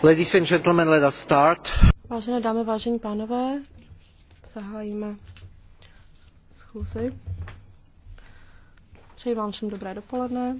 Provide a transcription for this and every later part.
Ladies and gentlemen, start. Vážené dámy, vážení pánové, zahájíme schůzi. Přeji vám všem dobré dopoledne.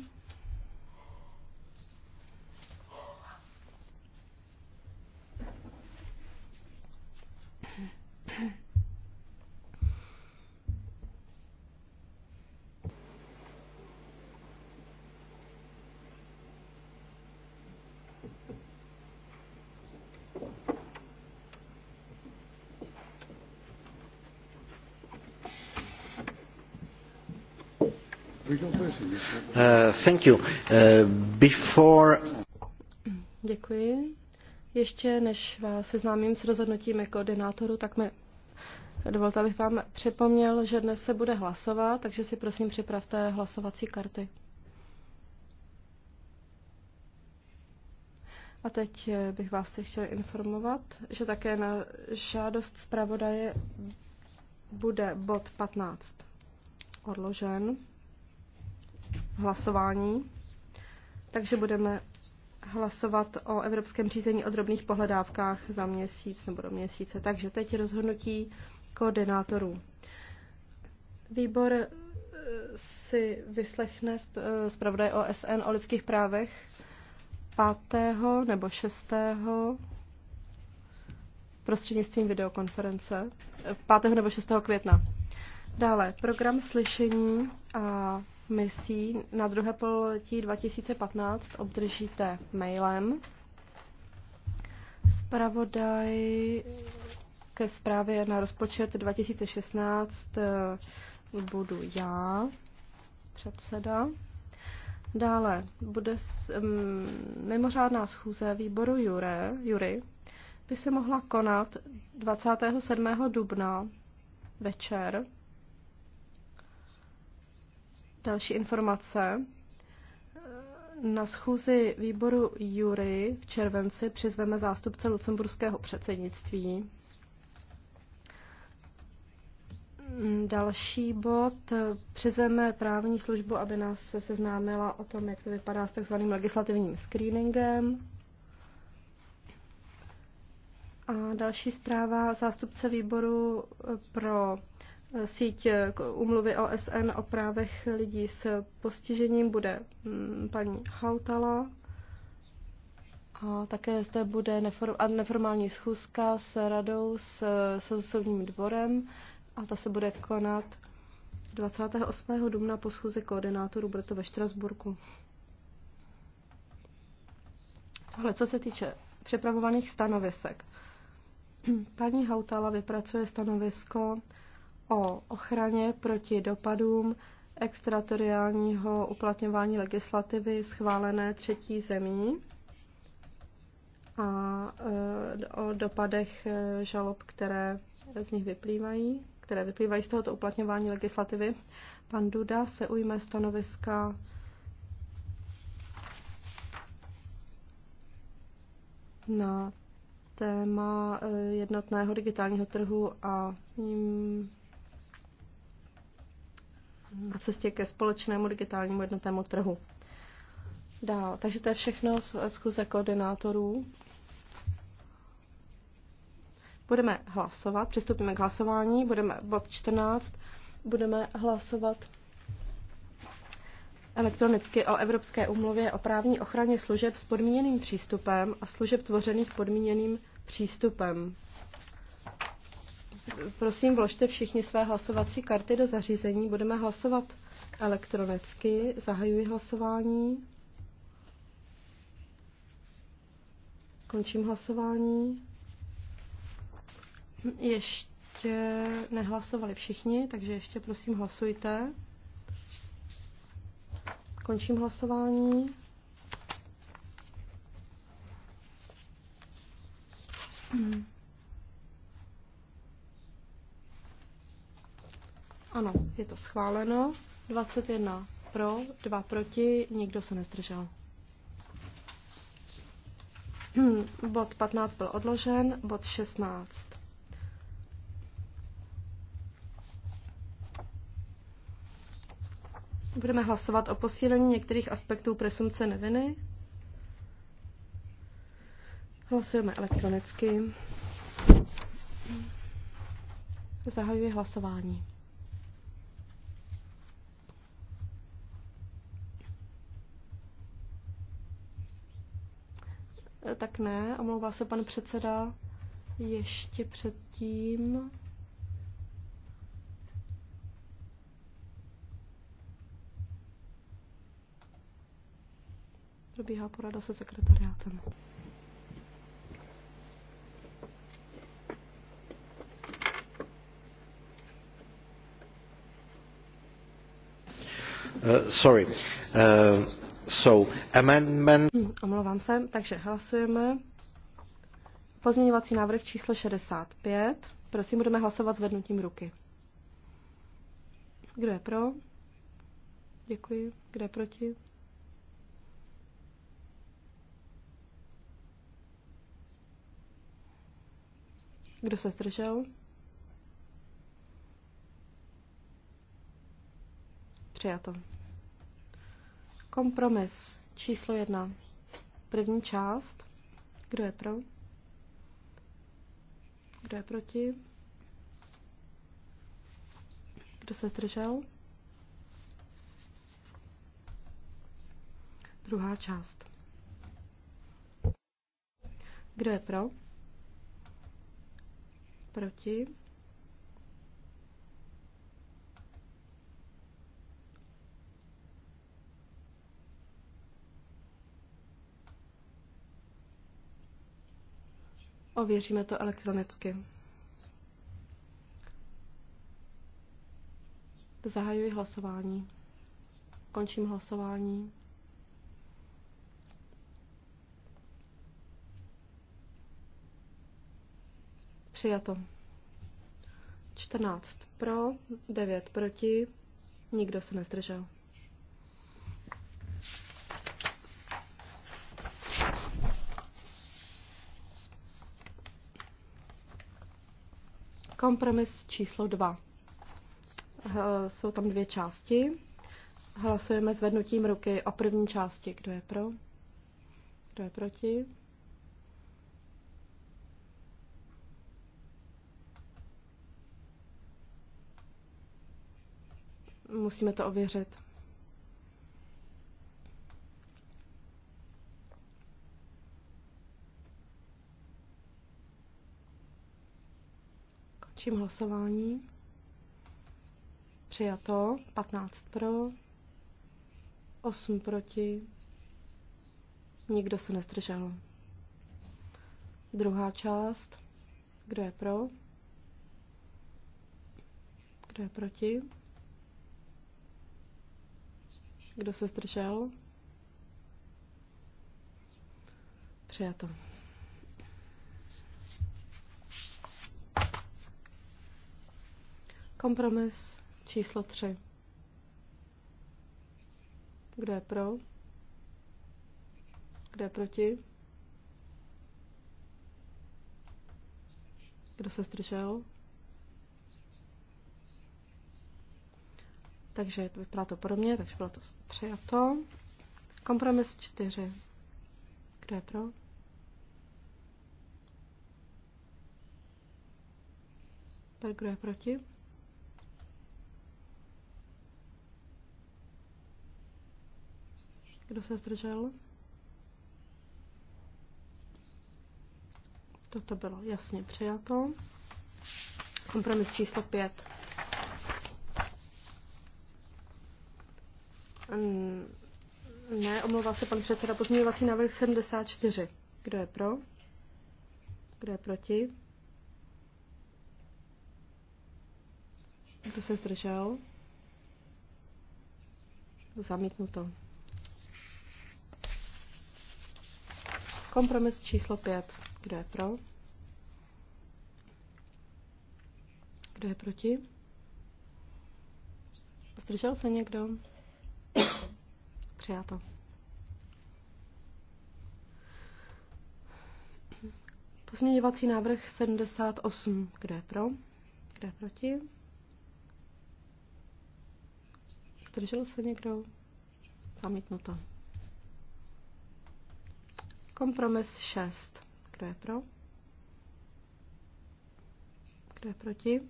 Uh, thank you. Uh, before... Děkuji. Ještě než vás seznámím s rozhodnutím jako koordinátoru, tak mi dovolte, abych vám připomněl, že dnes se bude hlasovat, takže si prosím připravte hlasovací karty. A teď eh, bych vás chtěl informovat, že také na žádost zpravodaje bude bod 15 odložen hlasování. Takže budeme hlasovat o evropském řízení o drobných pohledávkách za měsíc nebo do měsíce. Takže teď rozhodnutí koordinátorů. Výbor eh, si vyslechne eh, zpravodaj OSN o lidských právech 5. nebo 6. prostřednictvím videokonference 5. Eh, nebo 6. května. Dále program slyšení a misí na druhé pololetí 2015 obdržíte mailem. Spravodaj ke zprávě na rozpočet 2016 eh, budu já, předseda. Dále bude s, um, mimořádná schůze výboru Jure, Jury by se mohla konat 27. dubna večer Další informace. Na schůzi výboru Jury v červenci přizveme zástupce lucemburského předsednictví. Další bod. Přizveme právní službu, aby nás se seznámila o tom, jak to vypadá s takzvaným legislativním screeningem. A další zpráva zástupce výboru pro síť umluvy eh, OSN o právech lidí s postižením bude mm, paní Hautala. A také zde bude neform, neformální schůzka s radou, s, s soudním dvorem a ta se bude konat 28. dubna po schůze koordinátorů, bude to ve Štrasburku. Ale co se týče přepravovaných stanovisek, paní Hautala vypracuje stanovisko o ochraně proti dopadům extrateriálního uplatňování legislativy schválené třetí zemí a e, o dopadech e, žalob, které z nich vyplývají, které vyplývají z tohoto uplatňování legislativy. Pan Duda se ujme stanoviska na téma e, jednotného digitálního trhu a s ním na cestě ke společnému digitálnímu jednotnému trhu. Dál, takže to je všechno z zkuze koordinátorů. Budeme hlasovat, přistoupíme k hlasování, budeme bod 14, budeme hlasovat elektronicky o Evropské umluvě o právní ochraně služeb s podmíněným přístupem a služeb tvořených podmíněným přístupem. Prosím, vložte všichni své hlasovací karty do zařízení. Budeme hlasovat elektronicky. Zahajuji hlasování. Končím hlasování. Ještě nehlasovali všichni, takže ještě prosím hlasujte. Končím hlasování. Ano, je to schváleno. 21 pro, 2 proti, nikdo se nezdržel. Bod 15 byl odložen, bod 16. Budeme hlasovat o posílení některých aspektů presumce neviny. Hlasujeme elektronicky. Zahajuji hlasování. tak ne, omlouvá se pan předseda ještě předtím. Probíhá porada se sekretariátem. Uh, sorry. Uh jsou amendment... Hm, omlouvám se, takže hlasujeme. Pozměňovací návrh číslo 65. Prosím, budeme hlasovat zvednutím ruky. Kdo je pro? Děkuji. Kdo je proti? Kdo se zdržel? Přijato. Kompromis číslo jedna. První část. Kdo je pro? Kdo je proti? Kdo se zdržel? Druhá část. Kdo je pro? Proti? Ověříme to elektronicky. Zahajuji hlasování. Končím hlasování. Přijato. 14 pro, 9 proti, nikdo se nezdržel. Kompromis číslo 2. Jsou tam dvě části. Hlasujeme zvednutím ruky o první části. Kdo je pro? Kdo je proti? Musíme to ověřit. Končím hlasování. Přijato. 15 pro. 8 proti. Nikdo se nestržel. Druhá část. Kdo je pro? Kdo je proti? Kdo se zdržel? Přijato. Kompromis číslo 3. Kdo je pro? Kdo je proti? Kdo se zdržel? Takže vypadá to podobně, takže bylo to přijato. Kompromis 4. Kdo je pro? Tak kdo je proti? Kdo se zdržel? Toto bylo jasně přijato. Kompromis číslo 5. Ne, omlouvá se pan předseda pozměňovací návrh 74. Kdo je pro? Kdo je proti? Kdo se zdržel? Zamítnuto. Kompromis číslo 5. Kdo je pro? Kdo je proti? Zdržel se někdo? Přijato. Pozměňovací návrh 78. Kdo je pro? Kdo je proti? Zdržel se někdo? Zamítnuto. Kompromis 6. Kdo je pro? Kdo je proti?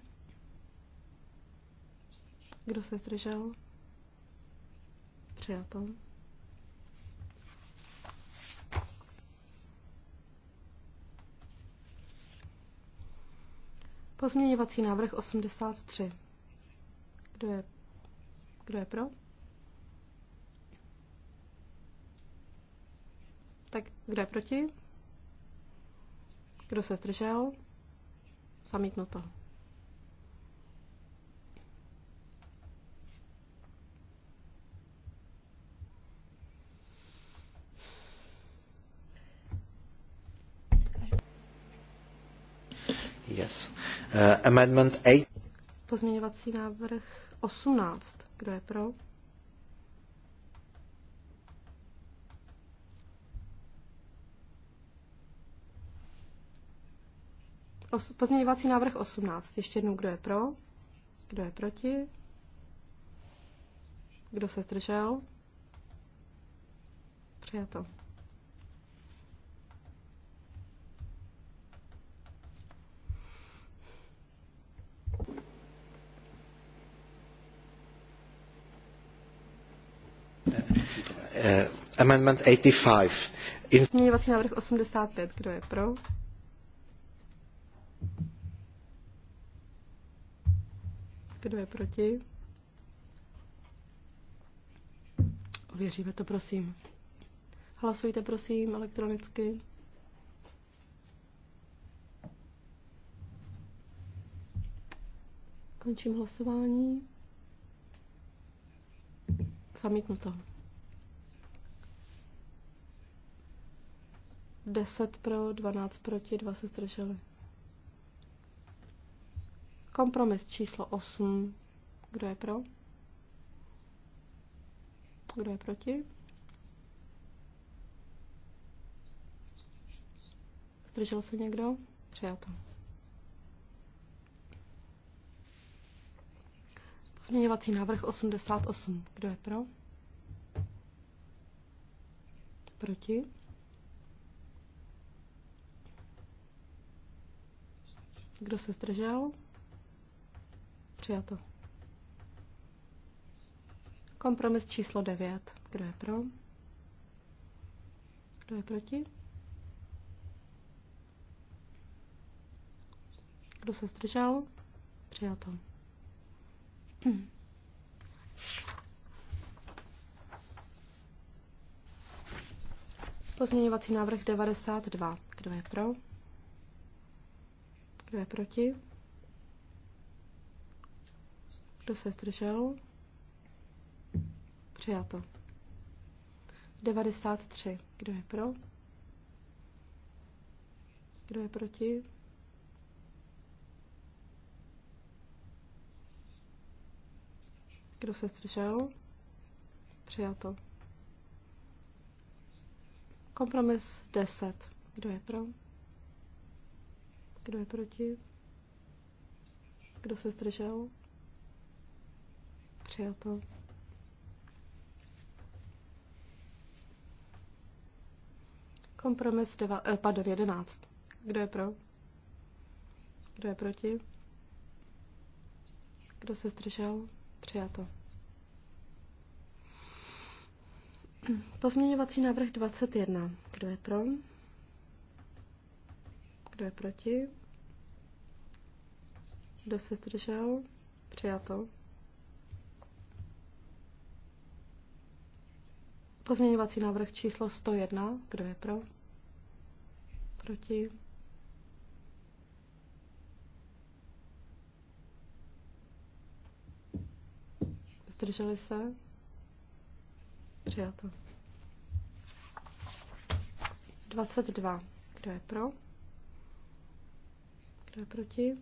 Kdo se zdržel? Přijato. Pozměňovací návrh 83. Kdo je, kdo je pro? Tak kdo je proti? Kdo se zdržel? Zamítnuto. Yes. Uh, amendment 8. Pozměňovací návrh 18. Kdo je pro? Pozměňovací návrh 18. Ještě jednou, kdo je pro? Kdo je proti? Kdo se zdržel? Přijato. Uh, amendment 85. Změňovací návrh 85. Kdo je pro? Kdo je proti? Ověříme to, prosím. Hlasujte, prosím, elektronicky. Končím hlasování. Zamítnuto. 10 pro, 12 proti, 2 se zdrželi. Kompromis číslo 8. Kdo je pro? Kdo je proti? Zdržel se někdo? Přijato. Pozměňovací návrh 88. Kdo je pro? Proti? Kdo se zdržel? Přijato. Kompromis číslo 9. Kdo je pro? Kdo je proti? Kdo se zdržel? Přijato. Pozměňovací návrh 92. Kdo je pro? Kdo je proti? Kdo se zdržel? Přijato. 93. Kdo je pro? Kdo je proti? Kdo se zdržel? Přijato. Kompromis 10. Kdo je pro? Kdo je proti? Kdo se zdržel? Přijato. Kompromis eh, pardon, 11. Kdo je pro? Kdo je proti? Kdo se zdržel? Přijato. Pozměňovací návrh 21. Kdo je pro? Kdo je proti? Kdo se zdržel? Přijato. Pozměňovací návrh číslo 101. Kdo je pro? Proti? Zdrželi se? Přijato. 22. Kdo je pro? Kdo je proti?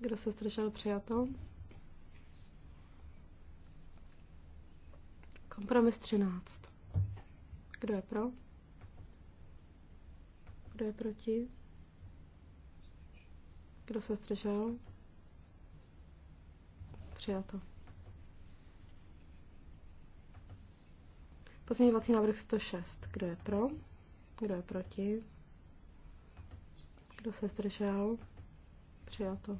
Kdo se zdržel přijato? Kompromis 13. Kdo je pro? Kdo je proti? Kdo se zdržel? Přijato. Pozměňovací návrh 106. Kdo je pro? Kdo je proti? Kdo se zdržel? Přijato.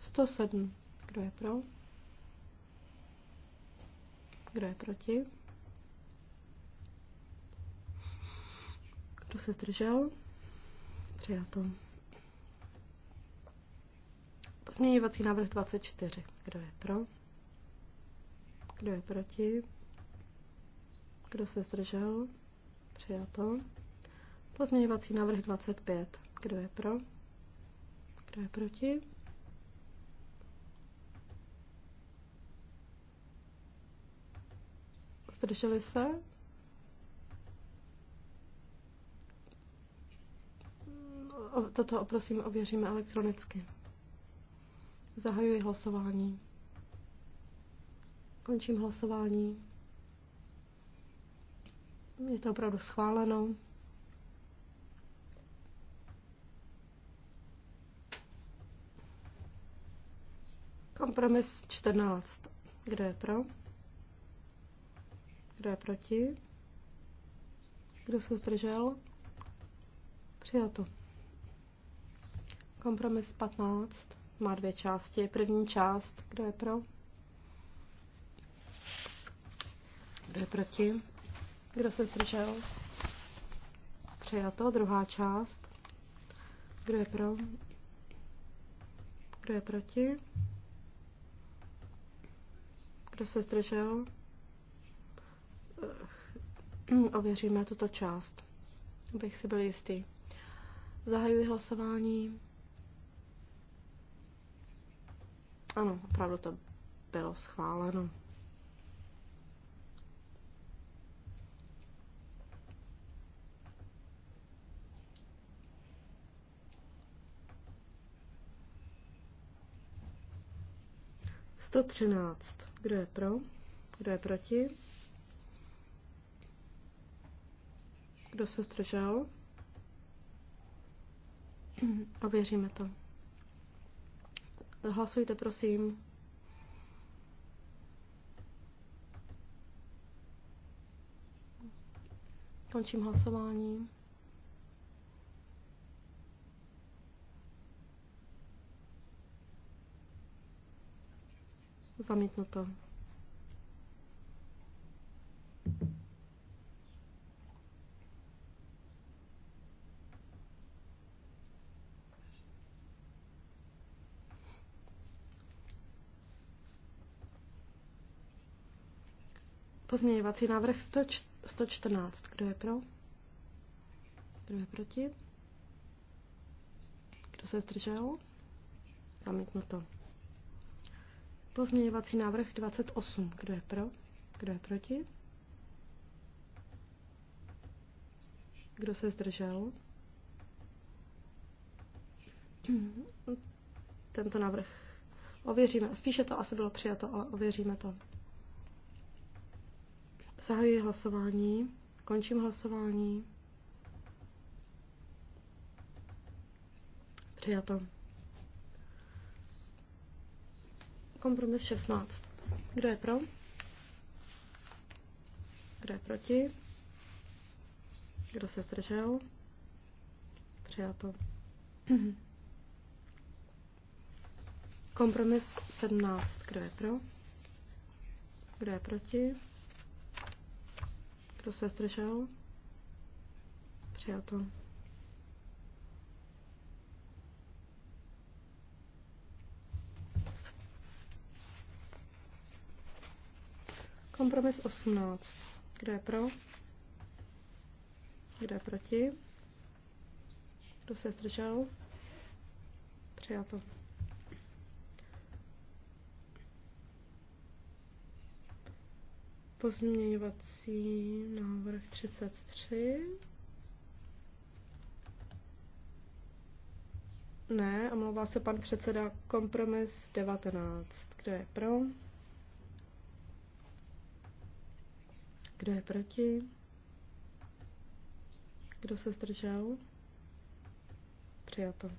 107. Kdo je pro? Kdo je proti? Kdo se zdržel? Přijato. Pozměňovací návrh 24. Kdo je pro? Kdo je proti? Kdo se zdržel? Přijato. Pozměňovací návrh 25. Kdo je pro? Kdo je proti? Zdrželi se? Toto prosím ověříme elektronicky. Zahajuji hlasování. Končím hlasování. Je to opravdu schváleno. Kompromis 14. Kdo je pro? Kdo je proti? Kdo se zdržel? Přijato. Kompromis 15 má dvě části. První část, kdo je pro? Kdo je proti? Kdo se zdržel? Přijato. Druhá část. Kdo je pro? Kdo je proti? Kdo se zdržel? Hmm, ověříme tuto část, abych si byl jistý. Zahajuji hlasování. Ano, opravdu to bylo schváleno. Sto třináct. Kdo je pro? Kdo je proti? Kdo se zdržel? věříme to. Hlasujte, prosím. Končím hlasování. Zamítnuto. Pozměňovací návrh 114. Kdo je pro? Kdo je proti? Kdo se zdržel? Zamítnuto. Pozměňovací návrh 28. Kdo je pro? Kdo je proti? Kdo se zdržel? Tento návrh ověříme. Spíše to asi bylo přijato, ale ověříme to. Zahajuji hlasování. Končím hlasování. Přijato. Kompromis 16. Kdo je pro? Kdo je proti? Kdo se zdržel? Přijato. Kompromis 17. Kdo je pro? Kdo je proti? Kdo se zdržel? Přijato. Kompromis 18. Kdo je pro? Kdo je proti? Kdo se zdržel? Přijato. Pozměňovací návrh 33. Ne, omlouvá se pan předseda kompromis 19. Kdo je pro? Kdo je proti? Kdo se zdržel? Přijato.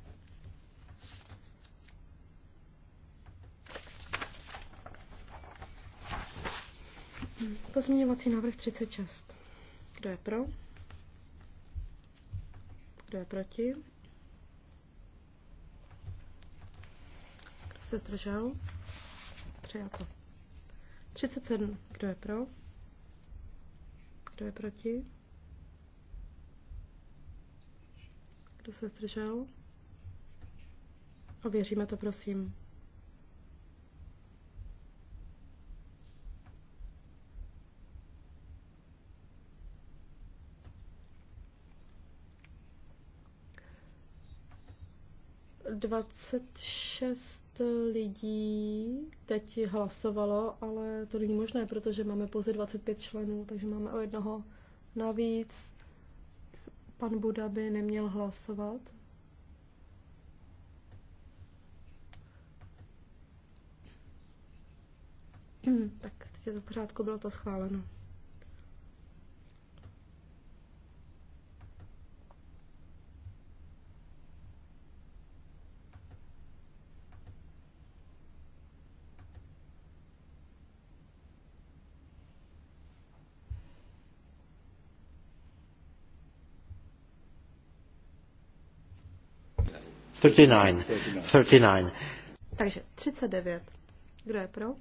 Pozměňovací návrh 36. Kdo je pro? Kdo je proti? Kdo se zdržel? Přijato. 37. Kdo je pro? Kdo je proti? Kdo se zdržel? Ověříme to, prosím. 26 lidí teď hlasovalo, ale to není možné, protože máme pouze 25 členů, takže máme o jednoho navíc. Pan Buda by neměl hlasovat. tak teď je to v pořádku, bylo to schváleno. 39. Takže 39. Kdo je pro?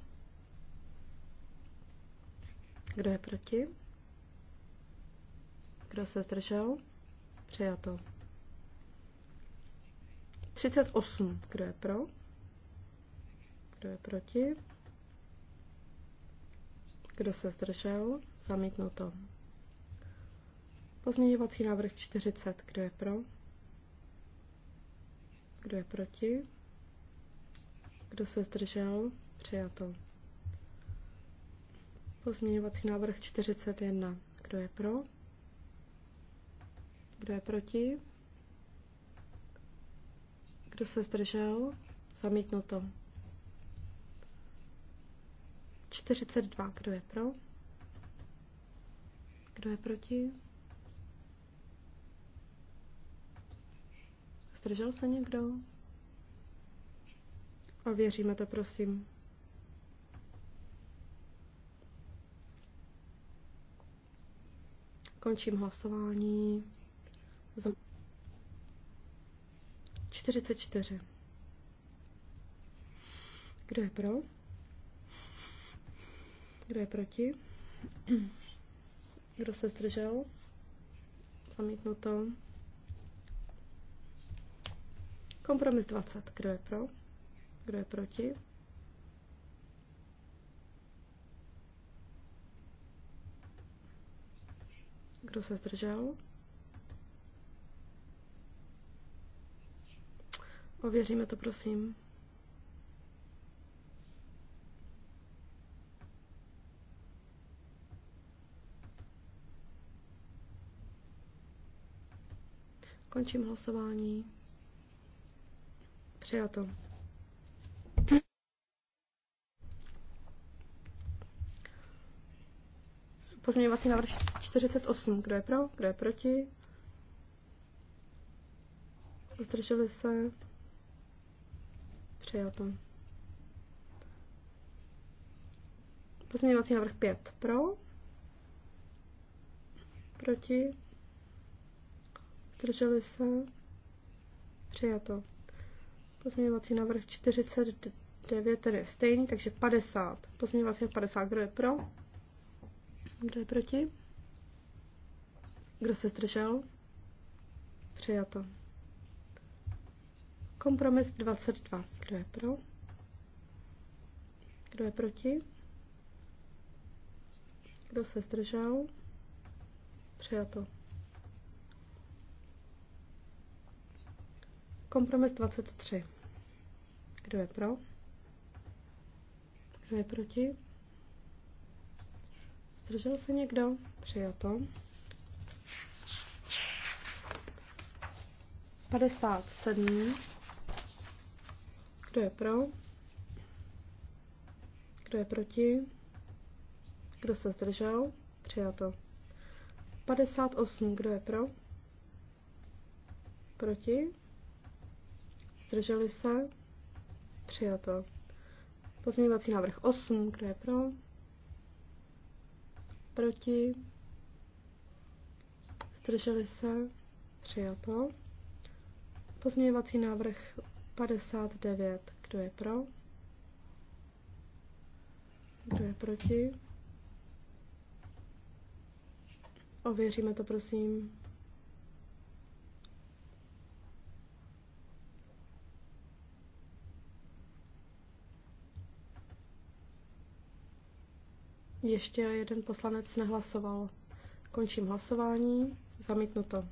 Kdo je proti? Kdo se zdržel? Přijato. 38. Kdo je pro? Kdo je proti? Kdo se zdržel? Zamítnuto. Pozměňovací návrh 40. Kdo je pro? Kdo je proti? Kdo se zdržel? Přijato. Pozměňovací návrh 41. Kdo je pro? Kdo je proti? Kdo se zdržel? Zamítnuto. 42. Kdo je pro? Kdo je proti? Zdržel se někdo? Ověříme to, prosím. Končím hlasování. 44. Kdo je pro? Kdo je proti? Kdo se zdržel? Zamítnuto. Kompromis 20. Kdo je pro? Kdo je proti? Kdo se zdržel? Ověříme to, prosím. Končím hlasování. Přijato. Pozměňovací návrh 48. Kdo je pro? Kdo je proti? Zdrželi se? Přijato. Pozměňovací návrh 5. Pro? Proti? Zdrželi se? Přijato. Pozměňovací návrh 49, tedy je stejný, takže 50. Pozměňovací návrh 50, kdo je pro? Kdo je proti? Kdo se zdržel? Přijato. Kompromis 22. Kdo je pro? Kdo je proti? Kdo se zdržel? Přijato. Kompromis 23. Kdo je pro? Kdo je proti? Zdržel se někdo? Přijato. 57. Kdo je pro? Kdo je proti? Kdo se zdržel? Přijato. 58. Kdo je pro? Proti? Zdrželi se? Přijato. Pozměňovací návrh 8, kdo je pro? Proti? Zdrželi se? Přijato. Pozměňovací návrh 59, kdo je pro? Kdo je proti? Ověříme to, prosím. Ještě jeden poslanec nehlasoval. Končím hlasování. Zamítnuto.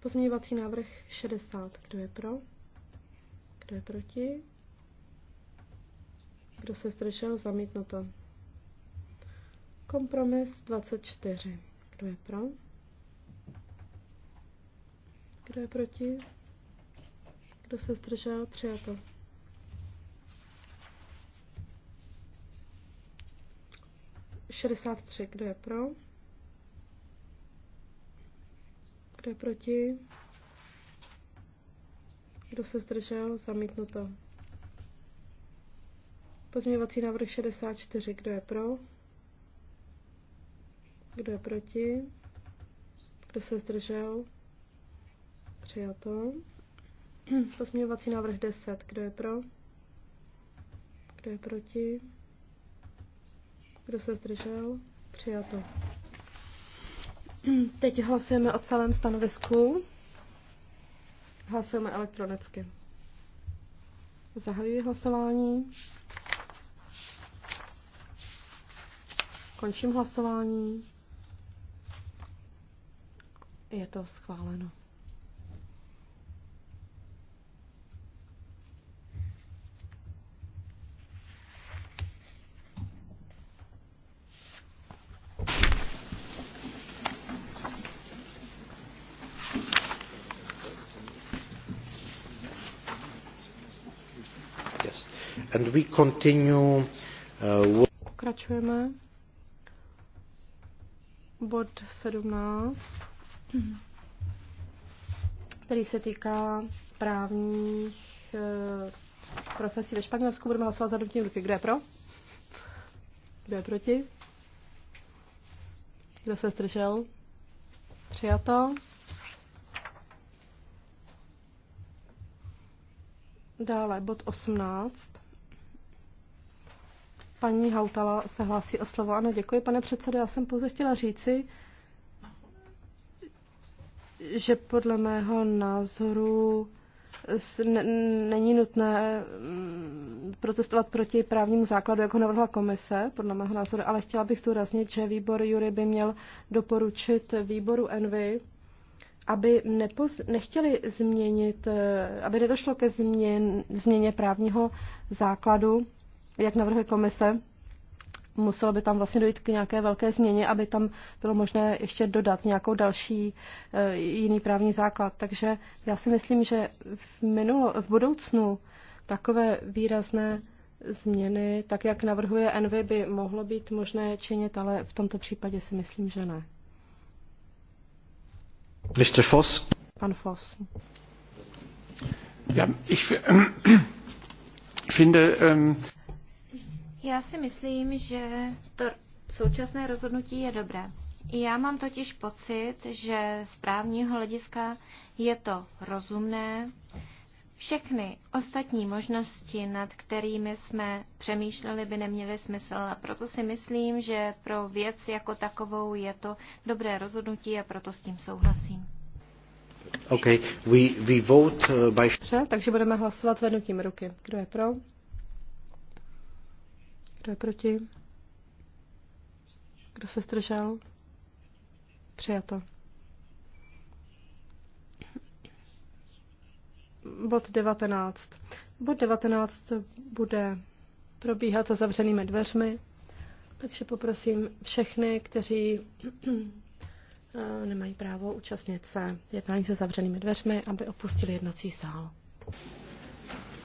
Pozměňovací návrh 60. Kdo je pro? Kdo je proti? Kdo se zdržel? Zamítnuto. Kompromis 24. Kdo je pro? Kdo je proti? Kdo se zdržel? Přijato. 63, kdo je pro? Kdo je proti? Kdo se zdržel? Zamítnuto. Pozměňovací návrh 64, kdo je pro? Kdo je proti? Kdo se zdržel? Přijato. Pozměňovací návrh 10, kdo je pro? Kdo je proti? Kdo se zdržel? Přijato. Teď hlasujeme o celém stanovisku. Hlasujeme elektronicky. Zahajuji hlasování. Končím hlasování. Je to schváleno. and we continue uh, Pokračujeme. Bod 17, který se týká správních uh, profesí ve Španělsku. Budeme hlasovat za dotní ruky. Kdo je pro? Kdo je proti? Kdo se zdržel? Přijato. Dále bod 18. Paní Hautala se hlásí o slovo. Ano, děkuji, pane předsedo. Já jsem pouze chtěla říci, že podle mého názoru není nutné mm, protestovat proti právnímu základu, jako navrhla komise, podle mého názoru, ale chtěla bych zdůraznit, že výbor Jury by měl doporučit výboru Envy, aby nepoz, nechtěli změnit, eh, aby nedošlo ke změn, změně právního základu jak navrhuje komise, muselo by tam vlastně dojít k nějaké velké změně, aby tam bylo možné ještě dodat nějakou další eh, jiný právní základ. Takže já si myslím, že v, minulo, v budoucnu takové výrazné změny, tak jak navrhuje Envy, by mohlo být možné činit, ale v tomto případě si myslím, že ne. Mr. Foss. Pan Foss. já. ich äh, finde, äh, já si myslím, že to současné rozhodnutí je dobré. Já mám totiž pocit, že z právního hlediska je to rozumné. Všechny ostatní možnosti, nad kterými jsme přemýšleli, by neměly smysl. A proto si myslím, že pro věc jako takovou je to dobré rozhodnutí a proto s tím souhlasím. Okay. We, we vote uh, by... takže budeme hlasovat vednutím ruky. Kdo je pro? Kdo je proti? Kdo se zdržel? Přijato. Bod 19. Bod 19 bude probíhat za zavřenými dveřmi, takže poprosím všechny, kteří eh, nemají právo účastnit se jednání se zavřenými dveřmi, aby opustili jednací sál.